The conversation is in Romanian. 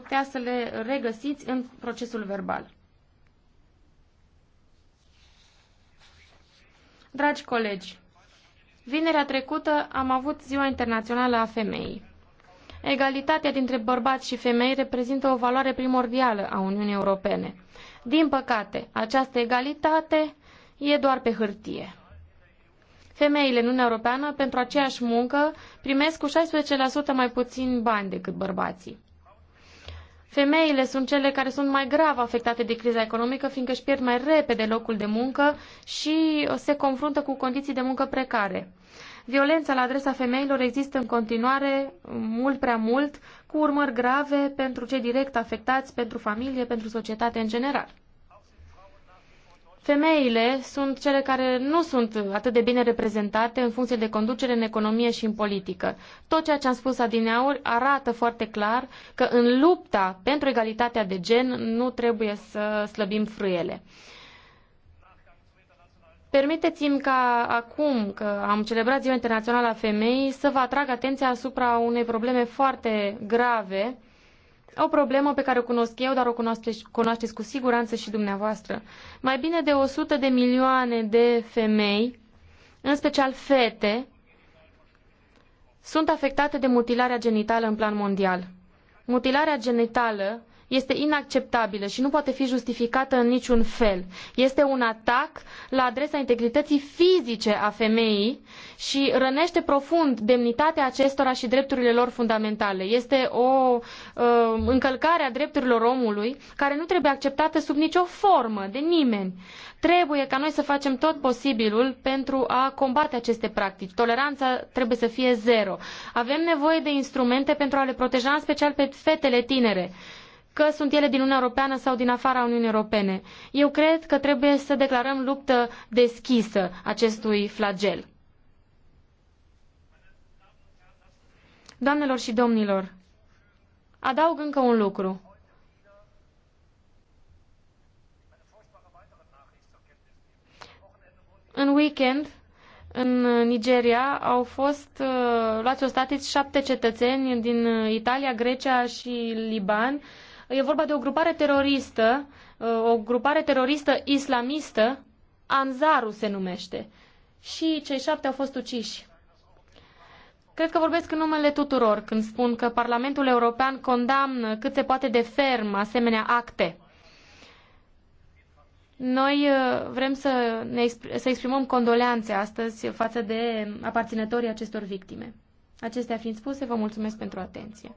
putea să le regăsiți în procesul verbal. Dragi colegi, vinerea trecută am avut Ziua Internațională a Femeii. Egalitatea dintre bărbați și femei reprezintă o valoare primordială a Uniunii Europene. Din păcate, această egalitate e doar pe hârtie. Femeile în Uniunea Europeană, pentru aceeași muncă, primesc cu 16% mai puțin bani decât bărbații. Femeile sunt cele care sunt mai grav afectate de criza economică, fiindcă își pierd mai repede locul de muncă și se confruntă cu condiții de muncă precare. Violența la adresa femeilor există în continuare mult prea mult, cu urmări grave pentru cei direct afectați, pentru familie, pentru societate în general. Femeile sunt cele care nu sunt atât de bine reprezentate în funcție de conducere în economie și în politică. Tot ceea ce am spus adineauri arată foarte clar că în lupta pentru egalitatea de gen nu trebuie să slăbim frâiele. Permiteți-mi ca acum că am celebrat Ziua Internațională a Femeii să vă atrag atenția asupra unei probleme foarte grave o problemă pe care o cunosc eu, dar o cunoașteți, cunoașteți cu siguranță și dumneavoastră. Mai bine de 100 de milioane de femei, în special fete, sunt afectate de mutilarea genitală în plan mondial. Mutilarea genitală este inacceptabilă și nu poate fi justificată în niciun fel. Este un atac la adresa integrității fizice a femeii și rănește profund demnitatea acestora și drepturile lor fundamentale. Este o uh, încălcare a drepturilor omului care nu trebuie acceptată sub nicio formă de nimeni. Trebuie ca noi să facem tot posibilul pentru a combate aceste practici. Toleranța trebuie să fie zero. Avem nevoie de instrumente pentru a le proteja în special pe fetele tinere că sunt ele din Uniunea Europeană sau din afara Uniunii Europene. Eu cred că trebuie să declarăm luptă deschisă acestui flagel. Doamnelor și domnilor, adaug încă un lucru. În weekend, în Nigeria, au fost uh, luați ostatiți șapte cetățeni din Italia, Grecia și Liban uh, E vorba de o grupare teroristă, uh, o grupare teroristă islamistă, Anzaru se numește. Și cei șapte au fost uciși. Cred că vorbesc în numele tuturor când spun că Parlamentul European condamnă cât se poate de ferm asemenea acte. Noi uh, vrem să, ne să exprimăm condoleanțe astăzi față de aparținătorii acestor victime. Acestea fiind spuse, vă mulțumesc pentru atenție.